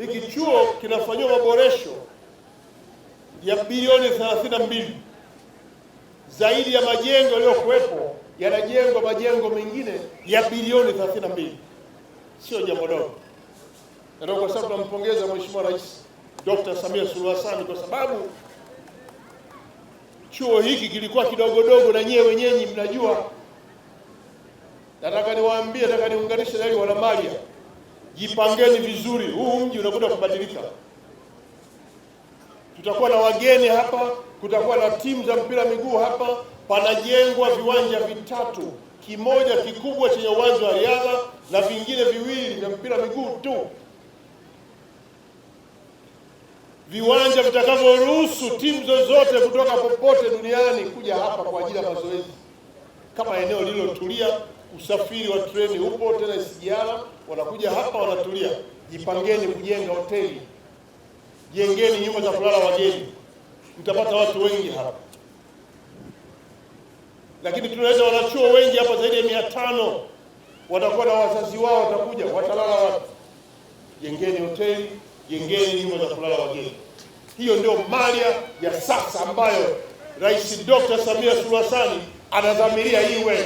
hiki chuo kinafanyiwa maboresho ya bilioni 32. Zaidi ya majengo yaliyokuwepo yanajengwa majengo mengine ya bilioni 32, sio jambo dogo. Na kwa sababu tunampongeza Mheshimiwa Rais Dr. Samia Suluhu Hassan kwa sababu chuo hiki kilikuwa kidogo dogo, na nyewe wenyewe mnajua. Nataka niwaambie, nataka niunganishe na wale wana Malya jipangeni vizuri, huu mji unakwenda kubadilika. Tutakuwa na wageni hapa, kutakuwa na timu za mpira miguu hapa. Panajengwa viwanja vitatu, kimoja kikubwa chenye uwanja wa riadha na vingine viwili vya mpira miguu tu, viwanja vitakavyoruhusu timu zozote kutoka popote duniani kuja hapa kwa ajili ya mazoezi, kama eneo lililotulia usafiri wa treni upo tena SGR, wanakuja hapa wanatulia. Jipangeni kujenga hoteli, jengeni nyumba za kulala wageni, mtapata watu wengi hapa. Lakini tunaweza wanachuo wengi hapa zaidi ya mia tano watakuwa na wazazi wao, watakuja watalala watu. Jengeni hoteli, jengeni nyumba za kulala wageni. Hiyo ndio mali ya sasa ambayo Rais Dr. Samia Suluhu Hassan anadhamiria iwe.